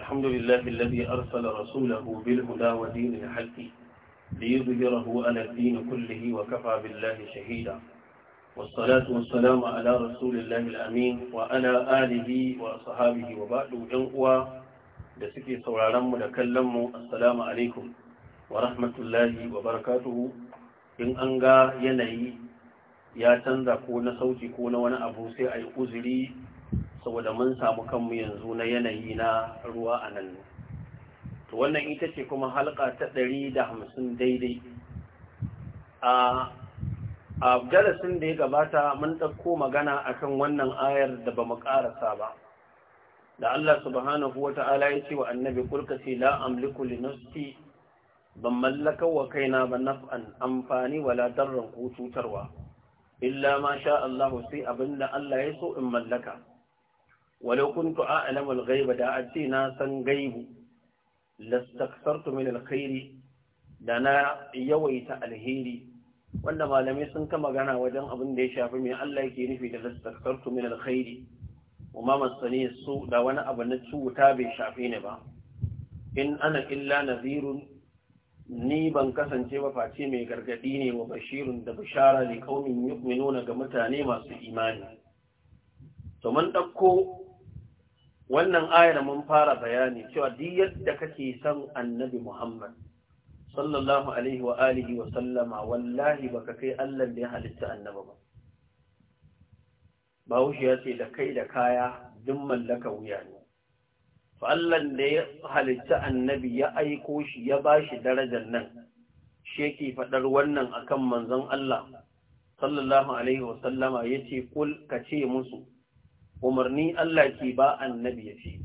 الحمد لله الذي أرسل رسوله بالهدى ودين الحق ليظهره على الدين كله وكفى بالله شهيدا والصلاة والسلام على رسول الله الأمين وعلى آله وأصحابه وبعد جنقوا da suke sauraronmu da kallonmu assalamu alaikum wa rahmatullahi wa barakatuhu in an ga yanayi ya canza ko na sauti ko na wani abu sai a yi uzuri saboda mun samu kanmu yanzu na yanayi na ruwa a nan to wannan ita ce kuma halka ta ɗari da hamsin daidai a darasin da ya gabata mun ɗauko magana akan wannan ayar da ba mu ƙarasa ba da Allah subhanahu wa ta'ala ya ce wa annabi kulka ce la amliku li nafsi ban mallaka wa kaina ba naf'an amfani wala darran ko cutarwa illa ma sha Allah sai abinda Allah ya so in mallaka walau kuntu a'lamu al-ghaiba da a ce na san gaibu lastaksartu min al da na yawaita alheri wanda malamai sun ka magana wajen abin da ya shafi mai Allah yake nufi da lastakartu min alkhairi Kuma masani su da wani abu na cuta bai shafe ni ba in ana illa nazirun ni ban kasance ba face mai gargadi ne wa bashirun da bishara ne kaumin yu'minuna ga mutane masu imani to mun dauko wannan ayar mun fara bayani cewa duk yadda kake san annabi Muhammad sallallahu alaihi wa alihi wa sallama wallahi baka kai Allah da ya halitta annabi ba Bahaushe ya ce da kai da kaya duk mallaka wuya ne fa Allah da ya halitta annabi ya aiko shi ya bashi darajar nan shi yake fadar wannan akan manzon Allah sallallahu alaihi wa sallama yace kul musu umarni Allah ke ba annabi ya ce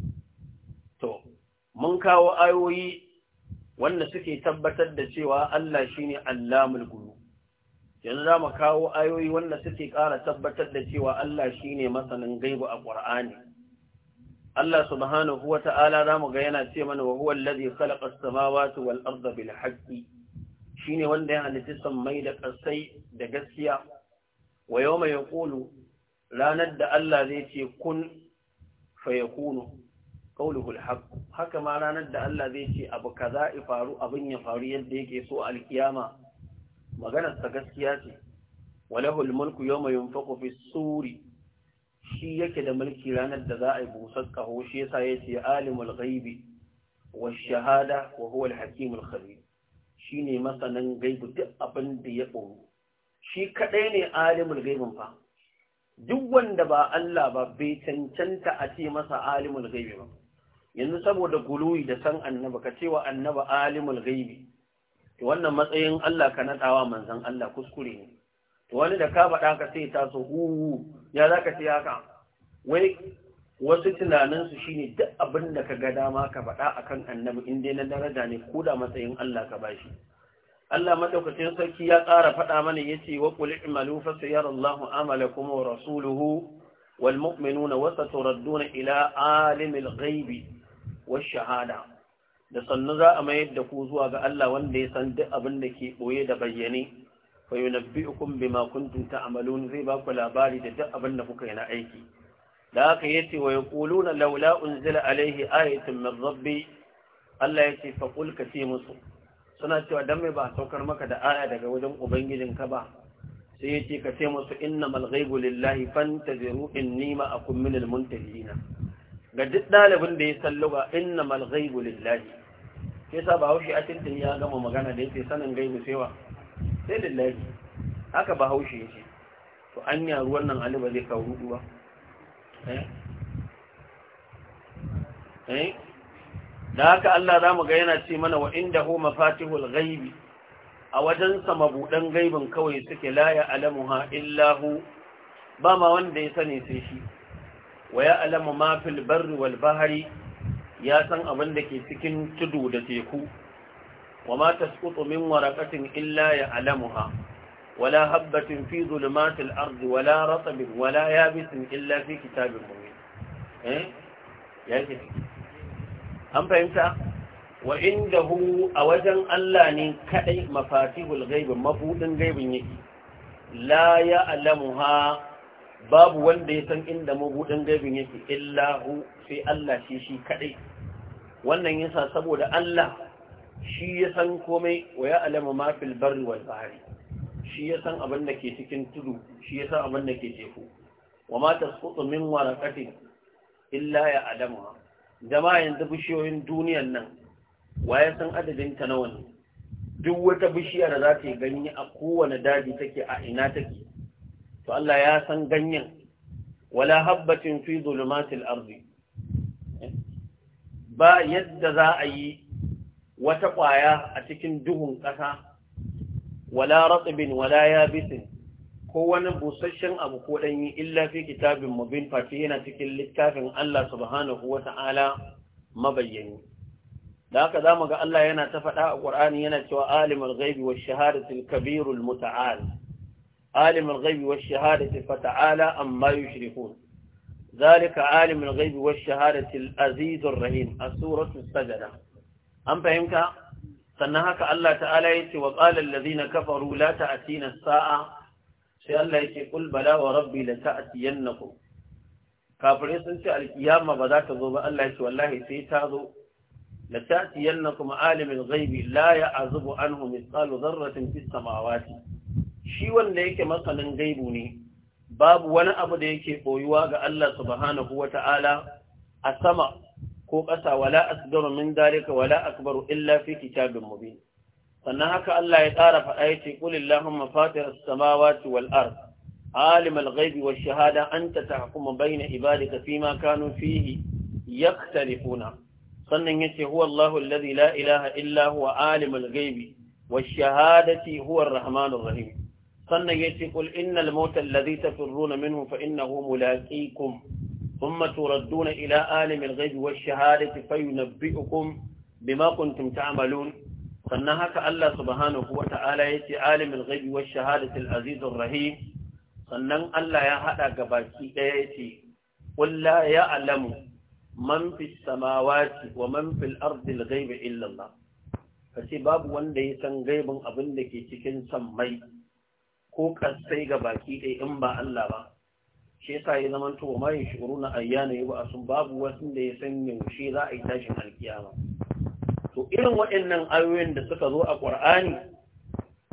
to mun kawo ayoyi wanda suke tabbatar da cewa Allah shine allamul guru yanzu za mu kawo ayoyi wanda suke ƙara tabbatar da cewa Allah shine masanin gaibu a Ƙur'ani. Allah subhanahu wa ta'ala za mu ga yana ce mana wa huwa allazi khalaqa as-samawati wal arda bil haqqi shine wanda ya halitta mai da ƙasai da gaskiya wa ya ƙolu ranar da Allah zai ce kun fayakunu qauluhul haqq haka ma ranar da Allah zai ce abu kaza faru abin ya faru yadda yake so alkiyama maganar ta gaskiya ce walahul mulku yawma yunfaqu fi suri shi yake da mulki ranar da za a yi busar kaho shi yasa yace alimul ghaibi wash-shahada wa huwa al-hakimul shine masanin gaibu abin da ya boru shi kadai ne alimul gaibin fa duk wanda ba Allah ba bai cancanta a ce masa alimul ghaibi ba yanzu saboda guluwi da san annaba ka cewa annaba alimul ghaibi to wannan matsayin Allah ka nadawa manzon Allah kuskure ne to wani da ka faɗa ka sai ta so hu ya zaka ce haka wai wasu tunaninsu shi ne duk abin da ka ga dama ka faɗa akan annabi in dai na daraja ne ko da matsayin Allah ka bashi Allah maɗaukacin sarki ya ƙara faɗa mana yace wa qul i'malu fa sayarallahu amalakum wa rasuluhu wal mu'minuna wa saturadduna ila alimil ghaibi wash shahada da sannu za a mayar da ku zuwa ga Allah wanda ya san duk abin da ke ɓoye da bayyane fa yunabbi'ukum makuntun ta ta'malun zai ba ku labari da duk abin da kuka yi na aiki da haka yace wa yaquluna laula unzila alaihi ayatun min rabbi Allah yace fa qul ka ce musu suna cewa dan mai ba saukar maka da aya daga wajen ubangijin ka ba sai yace ka ce musu innamal ghaibu lillahi fantaziru inni ma akum minal muntahina ga duk ɗalibin da ya salluga innamal ghaibu lillahi sa ba haushi a tintin ya gama magana da ce sanin gaibu sai sai lillahi haka ba haushi yake to anya ruwan nan ali ba zai kawo eh eh da haka Allah za mu ga yana ce mana wa inda hu mafatihul ghaibi a wajensa mabuɗan gaibin kawai suke laya alamuha illahu ba ma wanda ya sani sai shi wa ya alamu ma fil barri wal ya san abin da ke cikin tudu da teku wa ma tasqutu min waraqatin illa ya alamuha wala habatin fi zulumatil ardi wala ratabin wala yabisin illa fi kitabin mubin eh yake an fahimta wa hu a wajen Allah ne kadai mafatihul ghaib mafudin gaibin yake la ya'lamuha babu wanda ya san inda mabuɗin gaibin yake illa hu sai Allah shi shi kadai wannan yasa saboda Allah shi ya san komai wa ya'lamu ma fil barri wal shi ya san abin da ke cikin tudu shi ya san abin da ke teku wa ma tasqutu min waraqatin illa ya'lamuha jama'a yanzu bishiyoyin duniyan nan waye san adadin ta nawa ne duk wata bishiya da za ta yi ganye a kowane daji take a ina take to Allah ya san ganyen wala habbatin fi zulumatil ardi ba yadda za a yi wata ƙwaya a cikin duhun ƙasa wala ratsibin wala yabisin ko wani busasshen abu ko ɗanyi illa fi kitabin mubin fati yana cikin littafin Allah subhanahu wa ta'ala mabayyani. Da haka za mu ga Allah yana ta faɗa a Ƙur'ani yana cewa alimul ghaibi wa shahadatul kabirul muta'al. Alimul ghaibi wa shahadati fata'ala amma yushrikun. Zalika alimul ghaibi wa shahadatul azizur rahim a suratul sajada. An fahimta? Sannan haka Allah ta'ala ya ce wa qala allazina kafaru la ta'tina sa'a sai Allah yake kul bala wa rabbi la ta'tiyannakum kafirai sun ce alkiyama ba za ta zo ba Allah yake wallahi sai ta zo la ta'tiyannakum alimul ghaibi la ya'zubu anhu mithqalu dharratin fis samawati shi wanda yake masanin gaibu ne babu wani abu da yake boyuwa ga Allah subhanahu wata'ala a sama ko ƙasa wala asgaru min dalika wala akbaru illa fi kitabin mubin sannan haka Allah ya ƙara faɗa ya ce qul illahumma fatir as-samawati wal ard alim al-ghaibi wash shahada anta tahkumu bayna ibadika fima kanu fihi yaktalifuna sannan yace huwa Allahu alladhi la ilaha illa huwa alim al-ghaibi wash shahadati huwa ar-rahmanur rahim sannan yace qul innal mauta alladhi tafirruna minhu fa innahu mulaqikum ثم تردون إلى عالم الغيب والشهادة فينبئكم بما كنتم تعملون sannan haka Allah subhanahu wa ta'ala ya ce alimin gaibi wa shahadatul azizun rahim sannan Allah ya haɗa gabaki ɗaya ya ce ƙulla ya alamu man fi samawati wa man fil ardil gaibi illallah ka ce babu wanda ya san gaibin abin da ke cikin sammai ko kasai gabaki ɗaya in ba Allah ba shi yasa ya zama to ma yashuruna ayyana a sun babu wasu da ya san yaushe za a yi tashin alkiyama to irin waɗannan ayoyin da suka zo a ƙur'ani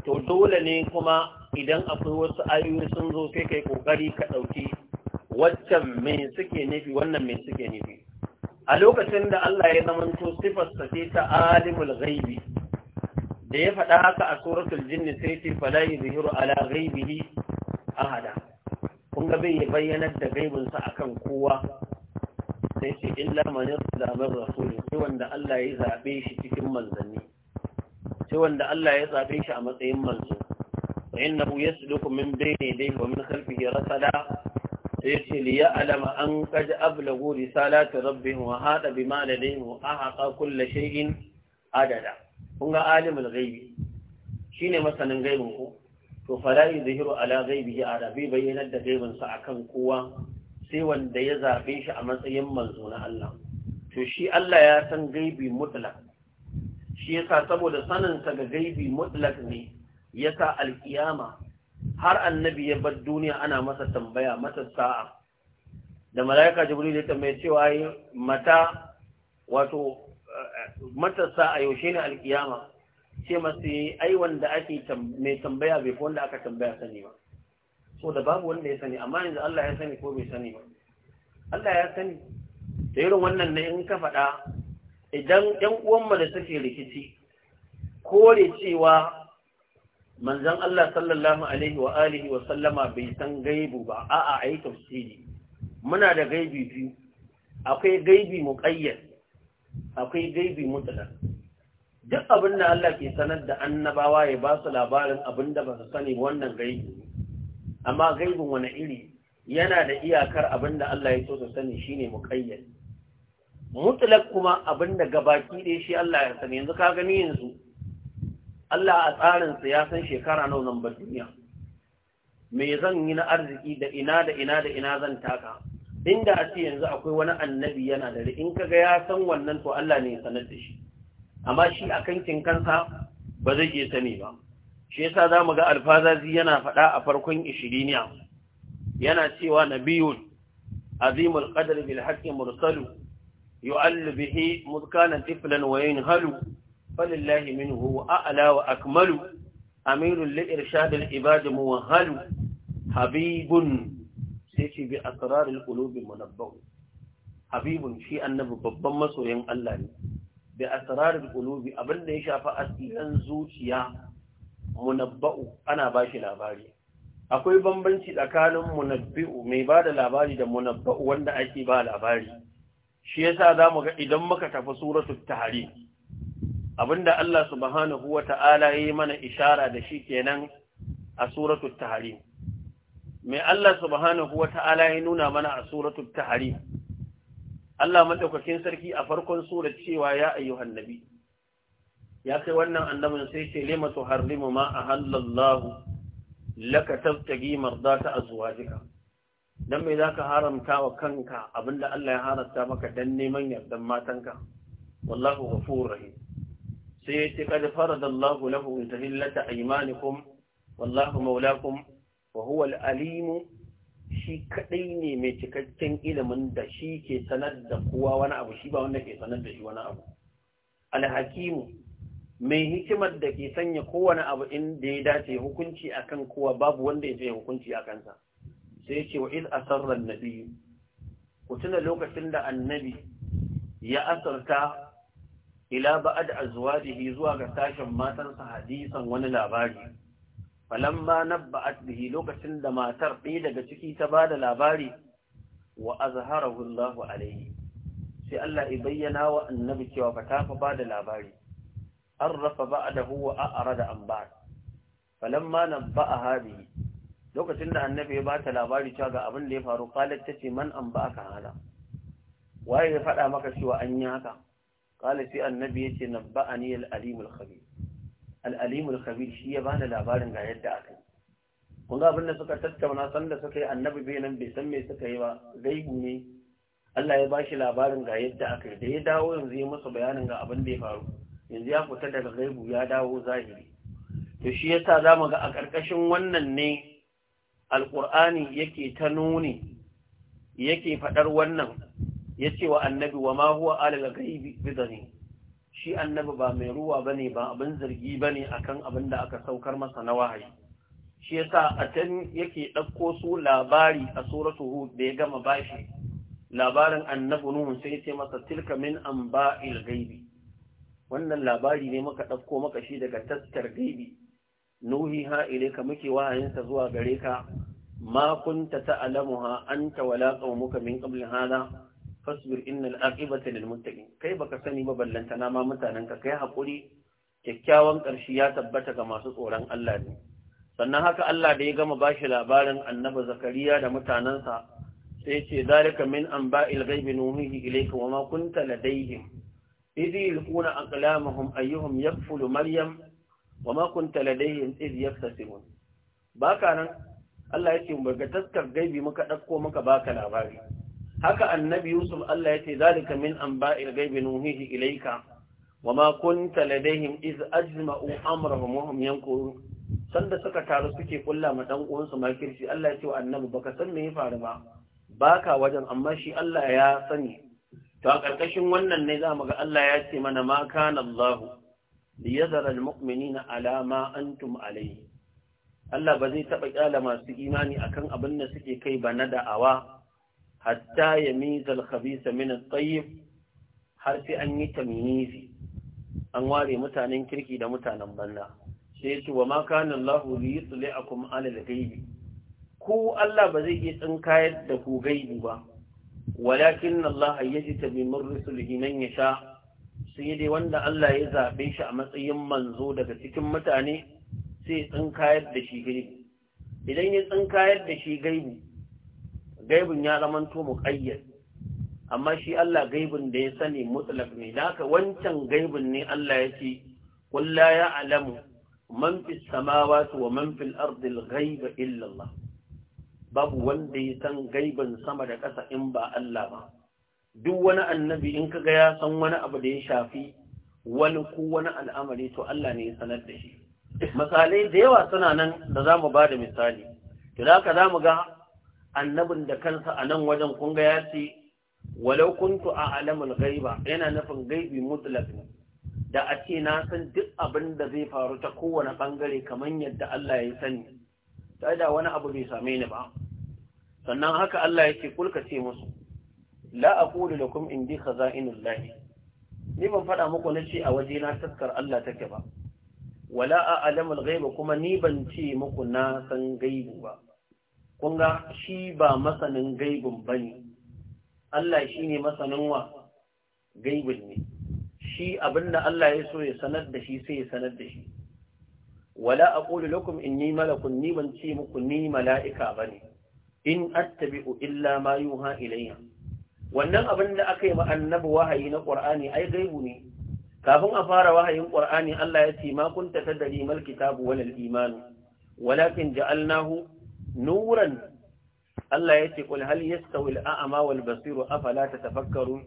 to dole ne kuma idan akwai wasu ayoyi sun zo sai kai ƙoƙari ka ɗauki waccan me suke nufi wannan me suke nufi a lokacin da Allah ya zamanto sifar sa ce ta alimul ghaibi da ya faɗa haka a suratul jinni sai ce fala yuzhiru ala ghaibihi ahada kun ga bai bayyanar da gaibinsa akan kowa sai ce illa man yusla min rasul sai wanda Allah ya zaɓe shi cikin manzanni sai wanda Allah ya zaɓe shi a matsayin manzo fa innahu yasluku min bayni yadayhi wa min khalfihi rasala sai ce li ya'lama an qad ablagu risalati rabbihim wa hada bima ladayhim wa ahqa kulli shay'in adada kun ga alimul ghaibi shine masanin gaibin ku to fala yuzhiru ala ghaibihi arabi bayyana da gaibin sa akan kowa sai wanda ya zaɓe shi a matsayin manzo na Allah to shi Allah ya san gaibi mutlak shi yasa saboda sa ga gaibi mutlak ne yasa alkiyama har annabi ya bar duniya ana masa tambaya mata sa'a da malaika jibril ya tambaye cewa mata wato mata sa'a yaushe ne alkiyama ce masu ai wanda ake mai tambaya bai fi wanda aka tambaya sani ba so da babu wanda ya sani amma yanzu Allah ya sani ko bai sani ba Allah ya sani da irin wannan ne in ka faɗa idan ɗan uwanmu da suke rikici kore cewa manzon Allah sallallahu alaihi wa alihi wa sallama bai san gaibu ba a'a ai tafsiri muna da gaibi biyu akwai gaibi muqayyad akwai gaibi mutlaq duk abin da Allah ke sanar da annabawa ya ba su labarin abin da ba su sani wannan gaibi amma gaibin wani iri yana da iyakar abin da Allah ya so su sani shi shine muqayyad mutlaq kuma abin da gabaki ɗaya shi Allah ya sani yanzu ka gani yanzu Allah a tsarinsa ya san shekara nawa zan ba duniya me zan yi na arziki da ina da ina da ina zan taka inda a ce yanzu akwai wani annabi yana da in kaga ya san wannan to Allah ne ya sanar da shi amma shi a kankin kansa ba zai je sani ba shi yasa za mu ga alfazazi yana faɗa a farkon ishiriniya yana cewa nabiyun azimul qadr bil haqqi mursalu yu'allu bihi mudkana tiflan wa yanhalu falillahi minhu a'la wa akmalu amirul li irshad al mu muwahhalu habibun sai ce bi asrar al qulub munabbahu habibun shi annabi babban masoyin Allah ne bi asrar al abinda ya shafi asiran zuciya munabba'u ana ba shi labari akwai bambanci tsakanin munabbi'u mai ba da labari da munabba'u wanda ake ba labari shi yasa za mu ga idan muka tafi suratul tahrim abinda Allah subhanahu wa ta'ala ya yi mana ishara da shi kenan a suratul tahrim mai Allah subhanahu wa ta'ala ya nuna mana a suratu tahari Allah madaukakin sarki a farkon surar cewa ya ayyuhan nabi ya kai wannan annabin sai ce lima tuharrimu ma ahallallahu laka tabtagi mardata azwajika dan me zaka haramta wa kanka abinda Allah ya haramta maka dan neman yardan matanka wallahu ghafurur rahim sai yace kad faradallahu lahu intahillata aymanikum wallahu maulakum wa huwa al shi kadai ne mai cikakken ilimin da shi ke sanar da kowa wani abu shi ba wanda ke sanar da shi wani abu al-hakimu mai hikimar da ke sanya kowane abu inda ya dace hukunci akan kowa babu wanda ya sanya hukunci a kansa sai ce wa ila asarar nabi ku tuna lokacin da annabi ya asarta ila ba'ad azwajihi zuwa ga sashen matansa hadisan wani labari falamma nabba'at bihi lokacin da matar ɗaya daga ciki ta bada labari wa azharahu Allahu alayhi sai Allah ya bayyana wa annabi cewa fa ta fa bada labari arrafa ba'dahu wa da an ba'd falamma nabba'a hadhihi lokacin da annabi ya bata labari cewa ga abin da ya faru ta ce man an ka hada waye ya faɗa maka cewa an yi haka qala sai annabi ya ce al-alim al-khabir al-alim al-khabir shi ya bani labarin ga yadda aka yi kun ga abin da suka tattauna san da suka yi annabi bai nan bai san me suka yi ba gaibu ne Allah ya bashi labarin ga yadda aka yi da ya dawo yanzu ya masa bayanin ga abin da ya faru yanzu ya fita daga gaibu ya dawo zahiri to shi yasa zamu ga a ƙarƙashin wannan ne alqur'ani yake ta nuni yake faɗar wannan yace wa annabi wa ma huwa alal ghaibi bidani shi annabi ba mai ruwa bane ba abin zargi bane akan abin da aka saukar masa na wahayi shi yasa a can yake ɗauko su labari a suratu hud da ya gama bashi labarin annabi nuhu sai ya ce masa tilka min anba'il ghaibi wannan labari ne maka ɗauko maka shi daga taskar gaibi nuhi ha ka muke wahayinsa zuwa gare ka ma kunta ta'lamuha anta wala qaumuka min qabl hada fasbir innal aqibata lil muttaqin kai baka sani ba ballanta na ma mutanen ka kai hakuri kyakkyawan ƙarshe ya tabbata ga masu tsoron Allah ne sannan haka Allah da ya gama bashi labarin annabi zakariya da mutanansa sai ya ce zalika min anba'il ghaibi nuhihi ilayka wa ma kunta ladayhim إذ يلقون أقلامهم أيهم يكفل مريم وما كنت لديهم إذ يختصمون باكا Allah ya ce baga taskar gaibi muka ɗauko muka baka labari haka annabi Yusuf Allah ya ce zalika min anba'il gaibi nuhihi ilayka wama kunta ladaihim iz ajma'u amrahum wa hum yanqurun sanda suka taru suke kulla ma dan uwansu ma makirci Allah ya ce annabi baka san me ya faru ba baka wajen amma shi Allah ya sani to a ƙarƙashin wannan ne za mu ga Allah ya ce mana ma kana Allah li yazara almu'minina ala ma antum Allah ba zai taɓa kyala masu imani akan abin da suke kai ba na da'awa hatta yamiza mizal khabisa min at har sai an yi tamyizi an ware mutanen kirki da mutanen banna sai ce wa ma kana Allah li yutli'akum ala al-ghaibi ku Allah ba zai iya tsinkayar da ku gaibi ba walakin Allah yajtabi min rusulihi ya sha, sai dai wanda Allah ya zabe shi a matsayin manzo daga cikin mutane sai tsinkayar da shi gaibi idan ya tsinkayar da shi gaibi gaibin ya zamanto muqayyad amma shi Allah gaibin da ya sani mutlaq ne haka wancan gaibin ne Allah ya ce qul la ya'lamu man fis samawati wa man fil ardi al-ghaiba illa Allah babu wanda ya san gaiban sama da ƙasa in ba Allah ba duk wani annabi in kaga ya san wani abu da ya shafi wani ko wani al'amari to Allah ne ya sanar da shi misalai da yawa suna nan da za mu ba da misali to da haka za mu ga annabin da kansa a nan wajen kun ga ya ce walau kuntu a alamun gaiba yana nufin gaibi ne, da a ce na san duk abin da zai faru ta kowane bangare kamar yadda Allah ya sani ta da wani abu bai same ni ba sannan haka Allah yake kulka ce musu la aqulu lakum indi kaza, Inullahi. ni ban faɗa muku na ce a waje na taskar Allah take ba wala a alamul kuma ni ban ce muku na san gaibu ba kun ga shi ba masanin gaibun bane Allah ne masanin wa gaibun ne shi abinda Allah ya so ya sanar da shi sai ya sanar da shi wala aqulu lakum in malakun ni ban ce muku ni mala'ika ne. in attabi'u illa ma yuha wannan abin da aka yi ma annabi wahayi na qur'ani ai gaibu ne kafin a fara wahayin qur'ani Allah ya ce ma kunta tadri mal kitabu wal iman walakin ja'alnahu nuran Allah ya ce kul hal yastawi a wal basiru afala tatafakkaru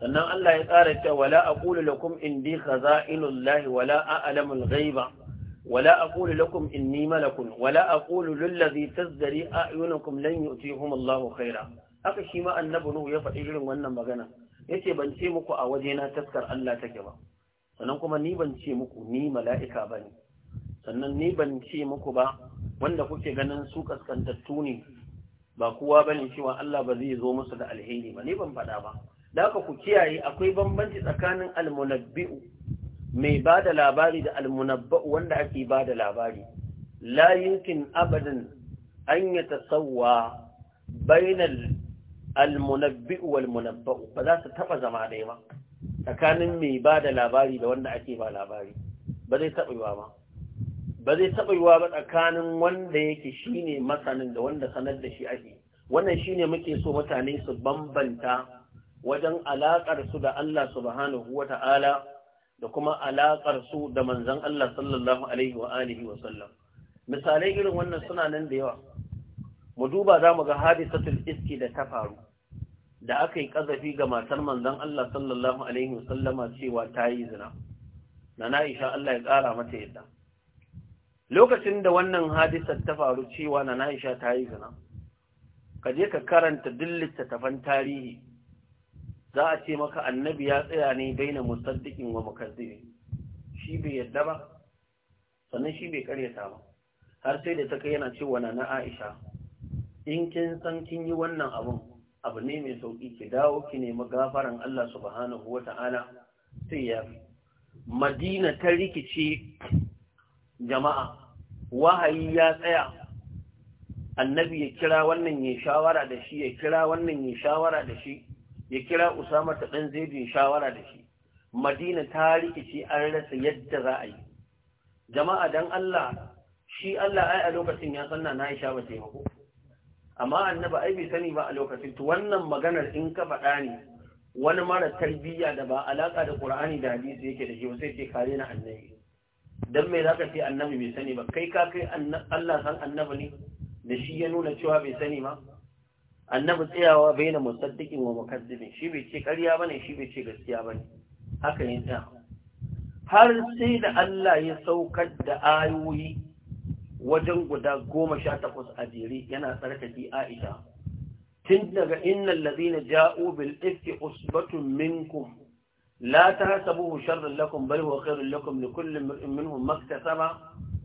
sannan Allah ya ƙara cewa wala aqulu lakum indi khaza'inul lahi wala a'lamul ghaiba ولا أقول لكم إني ملك ولا أقول للذي تزدري أعينكم لن يؤتيهم الله خيرا haka shi ma annabi Nuhu ya faɗi irin wannan magana yace ban ce muku a waje na taskar Allah take ba sannan kuma ni ban ce muku ni mala'ika bane sannan ni ban ce muku ba wanda kuke ganin su kaskantattu ne ba kowa bane cewa Allah ba zai zo musu da alheri ba ni ban faɗa ba da ku kiyaye akwai bambanci tsakanin almunabbi'u mai ba da labari da almunabba wanda ake ba da labari la abadin abadan an ya tasawwa bainal almunabbi ba za su taba zama dai ba tsakanin mai ba da labari da wanda ake ba labari ba zai taba yiwa ba ba zai taba yiwa ba tsakanin wanda yake shine masanin da wanda sanar da shi ake wannan shine muke so mutane su bambanta wajen alaƙar su da Allah subhanahu wata'ala da kuma alaƙar su da manzan Allah sallallahu alaihi wa alihi wa sallam misalai irin wannan suna nan da yawa mu duba za mu ga hadisatul iski da ta faru da aka yi ƙazafi ga matar manzan Allah sallallahu alaihi wa sallama cewa ta yi zina na na'isha Allah ya ƙara mata yadda lokacin da wannan hadisar ta faru cewa na na'isha ta yi zina ka je ka karanta duk tafan tarihi za a ce maka annabi ya tsaya ne baina musaddiqin wa mukazzibi shi bai yadda ba sannan shi bai karyata ba har sai da ta kai yana cewa na Aisha in kin san kin yi wannan abun abu ne mai sauki ki dawo ki nemi gafaran Allah subhanahu wata'ala sai ya Madina ta rikice jama'a wahayi ya tsaya annabi ya kira wannan ya shawara da shi ya kira wannan ya shawara da shi ya kira usama ta ɗan zaidin shawara da shi madina ta rikici an rasa yadda za a yi jama'a dan Allah shi Allah ai a lokacin ya sanna na Aisha ba ta mako amma annaba ai bai sani ba a lokacin to wannan maganar in ka faɗa ne wani mara tarbiyya da ba alaka da Qur'ani da hadisi yake da shi sai ce kare na annabi dan me zaka ce annabi bai sani ba kai ka kai Allah san annabi ne da shi ya nuna cewa bai sani ba annabi tsayawa baina musaddiqin wa mukazzibin shi bai ce ƙarya ne, shi bai ce gaskiya ne. haka yin ta har sai da Allah ya saukar da ayoyi wajen guda goma sha takwas a jere yana tsarkaki Aisha tun daga innal ladina ja'u bil ifki usbatun minkum la tahsabuhu sharran lakum bal huwa khairun lakum li kullum minhum maktasaba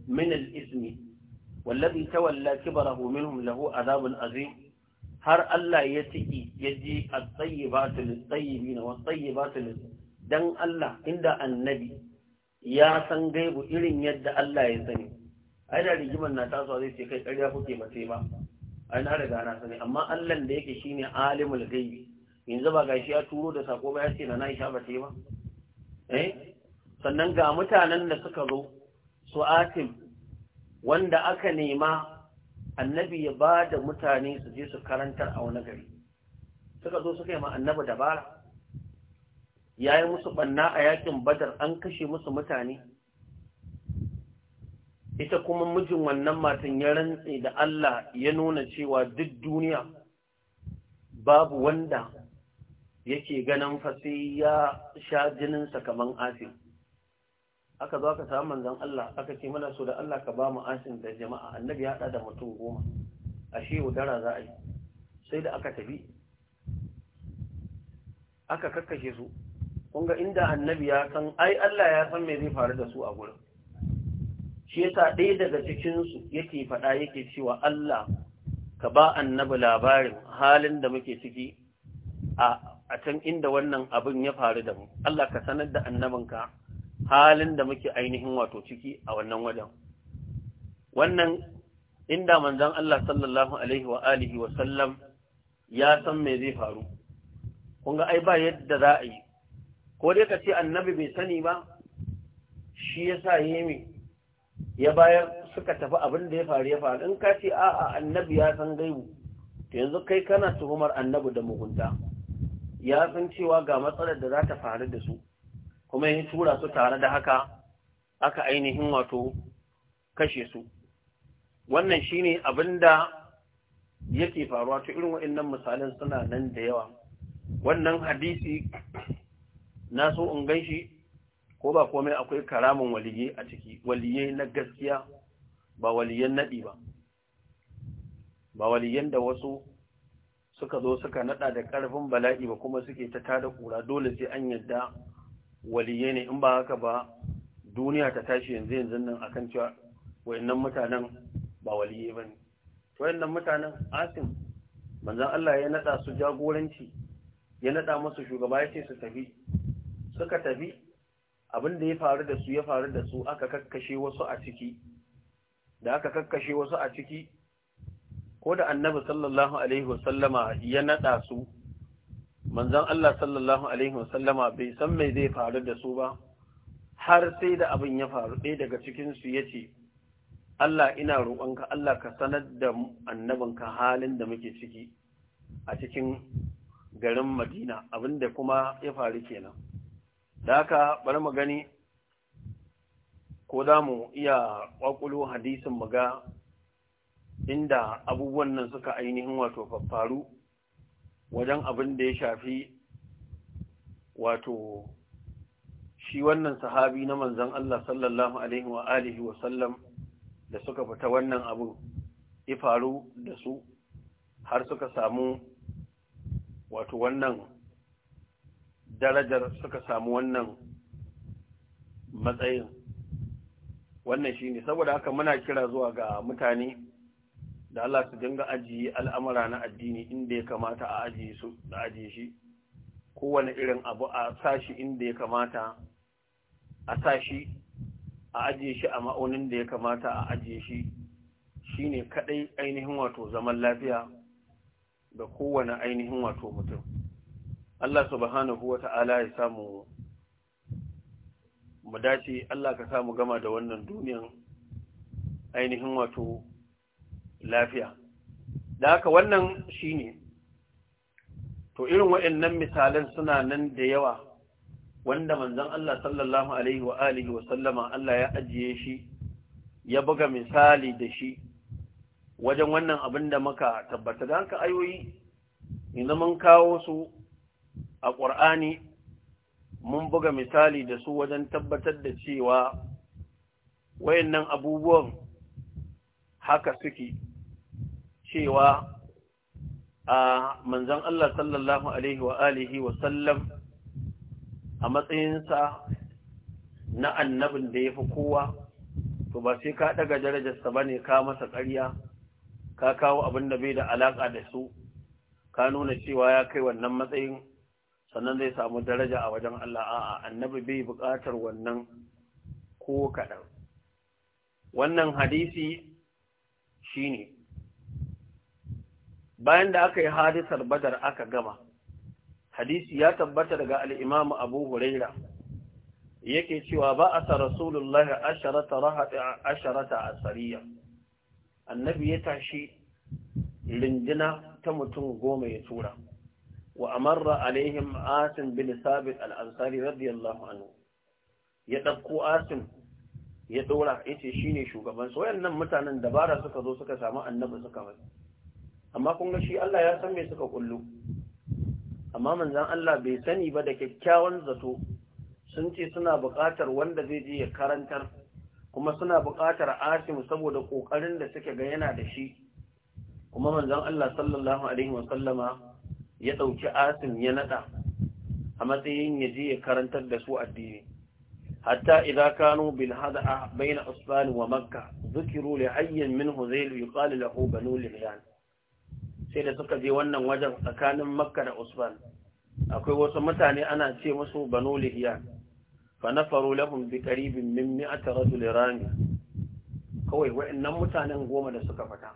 min al ismi والذي تولى كبره منهم له عذاب عظيم har Allah ya ciki ya ji a tsayi ba ta tsayi na wasu tsayi ba don Allah inda annabi ya san gaibu irin yadda Allah ya sani ai da rigimar na tasowa zai ce kai ƙarya kuke mace ba ai na riga na sani amma Allah da yake shine alimul gaibi yanzu ba gashi ya turo da sako ba ya ce na na isha ba ba eh sannan ga mutanen da suka zo su atim wanda aka nema annabi ya ba da mutane su je su karantar a wani gari suka zo suka yi ma annabi dabara ya yi musu banna a yakin badar an kashe musu mutane ita kuma mijin wannan matan ya rantse da Allah ya nuna cewa duk duniya babu wanda yake ganin fasi ya sha jininsa kaman asiri aka zo aka samu manzon Allah aka ce mana so da Allah ka ba mu asin da jama'a annabi ya da mutum goma ashe udara za a yi sai da aka tafi aka kakkashe su kun ga inda annabi ya san ai Allah ya san me zai faru da su a gurin shi yasa ɗaya daga cikin su yake faɗa yake cewa Allah ka ba annabi labarin halin da muke ciki a a can inda wannan abin ya faru da mu Allah ka sanar da annabinka halin da muke ainihin wato ciki a wannan wajen wannan inda manzon Allah sallallahu alaihi wa alihi wa sallam ya san me zai faru kun ga ai ba yadda za a yi ko dai ka ce annabi bai sani ba shi yasa yemi ya bayar suka tafi abin da ya faru ya faru in ka ce a'a annabi ya san gaibu to yanzu kai kana tuhumar annabi da mugunta ya san cewa ga matsalar da za ta faru da su kuma ya tura su tare da haka aka ainihin wato kashe su wannan shine abinda yake faruwa to irin waɗannan misalin suna nan da yawa wannan hadisi na so in ganshi ko ba komai akwai karamin waliye a ciki waliye na gaskiya ba waliyan naɗi ba ba waliyan da wasu suka zo suka naɗa da ƙarfin bala'i ba kuma suke ta tada ƙura dole sai an yadda waliye ne in ba haka ba duniya ta tashi yanzu yanzu nan akan cewa wayannan mutanen ba waliye bane wayannan mutanen asim manzon Allah ya nada su jagoranci ya nada musu shugaba ya ce su tafi suka tafi abin da ya faru da su ya faru da su aka kakkashe wasu a ciki da aka kakkashe wasu a ciki ko da annabi sallallahu alaihi wasallama ya nada su manzon Allah sallallahu alaihi wasallama bai san mai zai faru da su ba har sai da abin ya faru ɗaya daga cikin su yace Allah ina roƙonka Allah ka sanar da annabinka halin da muke ciki a cikin garin Madina Abin da kuma ya faru kenan da haka bari mu gani ko za mu iya ƙwaƙulo hadisin mu ga inda abubuwan nan suka ainihin wato faru. wajen abin da ya shafi wato shi wannan sahabi na manzan Allah sallallahu alaihi wa alihi wa sallam da suka fita wannan abu ya faru da su har suka samu wato wannan darajar suka samu wannan matsayin wannan shi ne saboda haka muna kira zuwa ga mutane da Allah su dinga ajiye al'amura na addini inda ya kamata a ajiye shi kowane irin abu a sashi inda ya kamata a sashi a ajiye shi a ma'aunin da ya kamata a ajiye shi shine kaɗai ainihin wato zaman lafiya da kowane ainihin wato mutum Allah subhanahu wata'ala ya samu mu dace Allah ka samu gama da wannan duniyan ainihin wato lafiya da haka wannan shine to irin waɗannan misalan suna nan da yawa wanda manzon Allah sallallahu alaihi wa alihi wa sallama Allah ya ajiye shi ya buga misali da shi wajen wannan abin da muka tabbata da haka ayoyi yanzu mun kawo su a ƙur'ani mun buga misali da su wajen tabbatar da cewa wayannan abubuwan haka suke cewa a manzan Allah sallallahu Alaihi wa alihi wa sallam a matsayinsa na annabin da ya fi kowa, to ba sai ka ɗaga darajarsa ba ne ka masa karya, ka kawo abin da bai da alaƙa da su, ka nuna cewa ya kai wannan matsayin sannan zai samu daraja a wajen Allah a annabi bai buƙatar wannan ko kaɗan. Wannan hadisi shi ne. bayan da aka yi hadisar badar aka gama hadisi ya tabbata daga al'imamu abu huraira yake cewa ba a sa rasulullahi asharata a tsariya annabi ya tashi lindina ta mutum goma ya tura wa amarra alaihim asin bin sabit al'ansari radiyallahu anhu ya ɗauko asin ya ɗora ya ce shi ne shugabansu nan mutanen dabara suka zo suka samu annabi suka mai amma kun shi Allah ya san me suka kullu amma manzon Allah bai sani ba da kyakkyawan zato sun ce suna buƙatar wanda zai je ya karantar kuma suna buƙatar Asim saboda kokarin da suke ga yana da shi kuma manzon Allah sallallahu alaihi wa sallama ya dauki Asim ya nada a matsayin ya je ya karantar da su addini hatta idza kanu bil hada'a bayna usban wa makkah dhukiru li min minhu zayl yuqalu lahu banu lihyaan sai da suka je wannan wajen tsakanin makka da usman akwai wasu mutane ana ce musu banu lihiya fa nafaru lahum bi qaribin min mi'ati rajul rami kawai waɗannan mutanen goma da suka fita.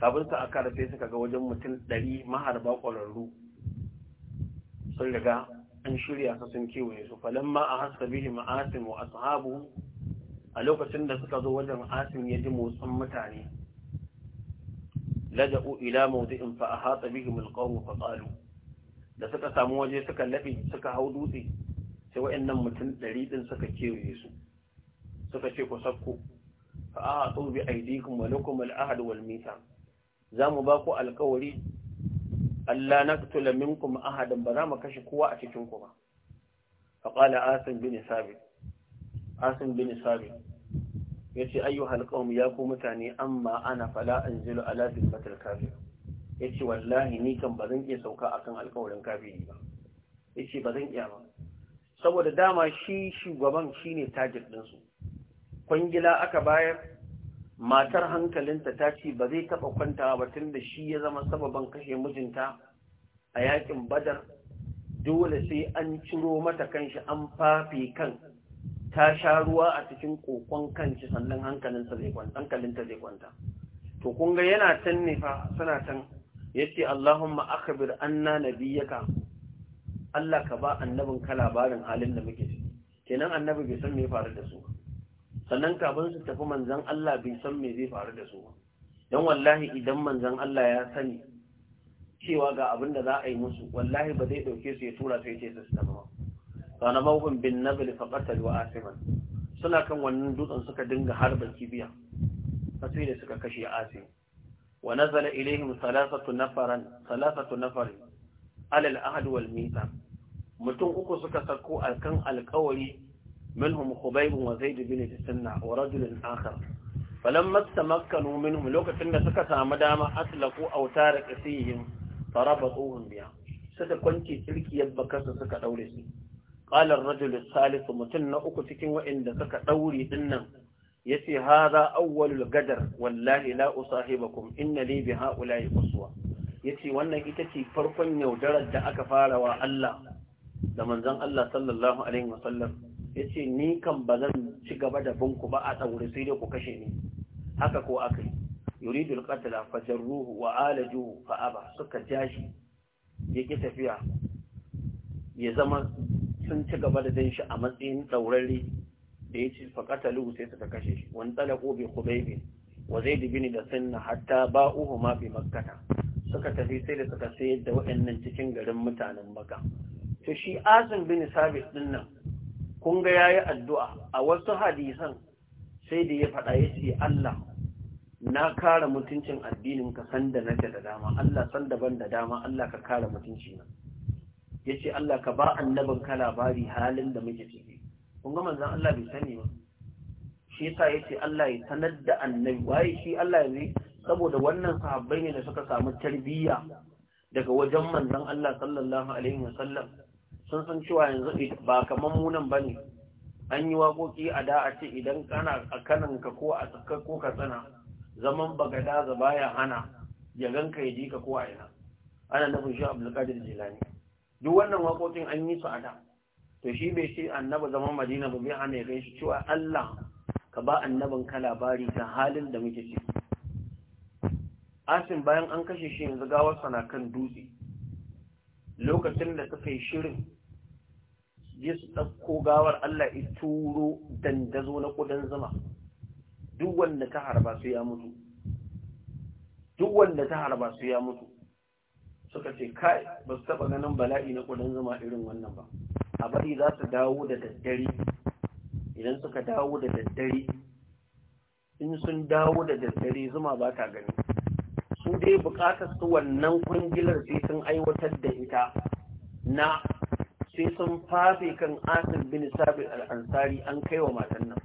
kafin su aka da sai suka ga wajen mutum 100 maharba ƙwararru sun riga an shirya su sun kiwaye su falamma a hasa bihim asim wa ashabu a lokacin da suka zo wajen asim ya ji motsin mutane لجأوا إلى موضع فأحاط بهم القوم فقالوا da suka samu waje suka labe suka hau dutse sai wa'annan mutum ɗari ɗin suka kewaye su suka ce ku sakko fa a hatsu bi aidikum wa lakum al ahad wal za mu ba ku alƙawari Allah naqtula minkum ahadan ba za mu kashe kowa a cikin ku ba fa qala asim bin sabit asim bin sabit yace ayyuhal qawm ya ku mutane amma ana fala anzilu ala kafin. Ya ce, wallahi ni kan zan iya sauka kan alƙawarin kafiri ba yace iya ba saboda dama shi shugaban shine tajir din su kwangila aka bayar matar hankalinta ta ce ba zai taɓa kwantawa ba tun da shi ya zama sababan kashe mijinta a yakin badar dole sai an ciro mata kanshi an fafe kan ta sha ruwa a cikin kokon kanci sannan hankalinsa zai kwanta hankalinta zai kwanta to kun ga yana can ne fa suna can yace Allahumma akhbir anna nabiyyaka Allah ka ba annabin ka labarin halin da muke ciki kenan annabi bai san me faru da su sannan kafin su tafi manzon Allah bai san me zai faru da su dan wallahi idan manzon Allah ya sani cewa ga abin da za a yi musu wallahi ba zai dauke su ya tura su ya ce su tafi ba sanamahum bin nabl fa qatalu asiman suna kan wannan dutsen suka dinga harbin kibiya sai da suka kashe asim wa nazala ilaihim salasatu nafaran thalathatu nafarin alal ahd wal mutum uku suka sako alkan alkawari minhum khubayb wa zaid bin sunna wa rajul akhar falamma tamakkanu minhum lokacin da suka samu dama aslaku awtar qasihim farabatuhum biya da kwanke kirkiyar bakarsa suka daure su قال الرجل الثالث متن أكو تكين وإن دسك دوري إنه يسي هذا أول القدر والله لا أصاحبكم إن لي بهؤلاء قصوى يسي وانا إتتي فرقا يودرد أكفار وألا لمن زن الله صلى الله عليه وسلم يسي نيكم بذن شقبت بنك بأت ورسيلك كشيني هكاكو أكل يريد القتل فجروه وآلجوه فأبع سك جاشي يكي تفيع يزمن sun ci gaba da shi a matsayin ɗaurari da ya ce faƙatalu sai suka kashe shi wani ko bai ba? wa zai ni da sunna hatta ba uhu ma bi makkata suka tafi sai da suka sayar da waɗannan cikin garin mutanen maka to shi asin bin sabis din nan kun ga yayi addu'a a wasu hadisan sai da ya faɗa ya ce Allah na kare mutuncin addinin ka sanda nake da dama Allah san daban da dama Allah ka kare mutuncin nan. ya ce Allah ka ba annabin ka labari halin da muke ciki kun ga manzan Allah bai sani ba shi yasa ya ce Allah ya sanar da annabi waye shi Allah ne saboda wannan sahabbai ne da suka samu tarbiyya daga wajen manzan Allah sallallahu alaihi wasallam sun san cewa yanzu ba kaman mu nan bane an yi waƙoƙi a da a ce idan kana a ka ko a tsaka ko ka tsana zaman bagada zaba ya hana ya ganka ya ji ka ko a ina ana nufin shi abdulkadir jilani duk wannan waƙoƙin an yi su a da to shi bai ce annaba zaman madina ba bai hana ya shi cewa Allah ka ba annabin ka labari ta halin da muke ciki asin bayan an kashe shi yanzu gawar na kan dutse lokacin da suka yi shirin ya su ɗauko gawar Allah ya turo dandazo na kudan zuma duk wanda ta harba su ya mutu duk wanda ta harba su ya mutu suka ce kai ba su taɓa ganin bala'i na kudin zama irin wannan ba a bari za su dawo da daddare idan suka dawo da daddare in sun dawo da daddare zuma ba ta gani su dai buƙatar su wannan kungilar sai sun aiwatar da ita na sai sun fafe kan asir bin sabi al'ansari an kai wa matan nan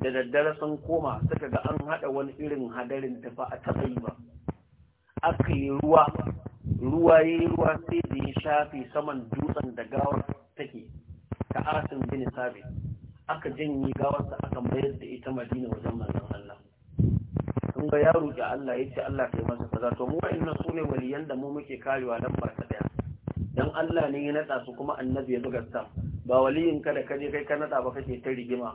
da daddare sun koma suka ga an haɗa wani irin hadarin da ba a taɓa yi ba aka yi ruwa ruwa ya yi ruwa sai da ya shafe saman dutsen da gawar take ta asin bin sabi aka janye sa aka mayar da ita madina wajen manzon Allah kun ga yaro da Allah ya ce Allah kai masa kaza to mu wa'annan su ne waliyan da mu muke karewa nan ba ta daya dan Allah ne ya nada su kuma annabi ya buga sa ba waliyin ka da kaje kai ka nada ba kake ta rigima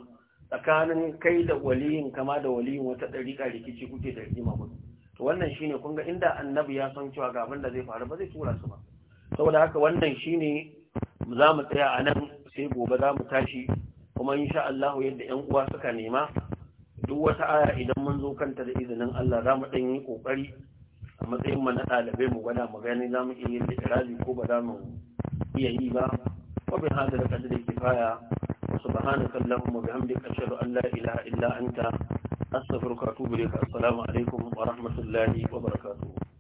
tsakanin kai da waliyin kama da waliyin wata dariƙa rikici kuke da rigima ba to wannan shine kun ga inda annabi ya san cewa ga da zai faru ba zai tura su ba saboda haka wannan shine za mu tsaya a nan sai gobe za mu tashi kuma insha Allah yadda ƴan uwa suka nema duk wata aya idan mun zo kanta da izinin Allah za mu ɗan yi ƙoƙari a matsayin mu na ɗalibai mu gwada mu gani za mu iya yin ko ba za mu iya yi ba wa bin hada da kadda da kifaya subhanaka allahumma wa bihamdika ashhadu an la ilaha illa anta astaghfiruka wa atubu ilayk assalamu alaikum wa rahmatullahi wa barakatuh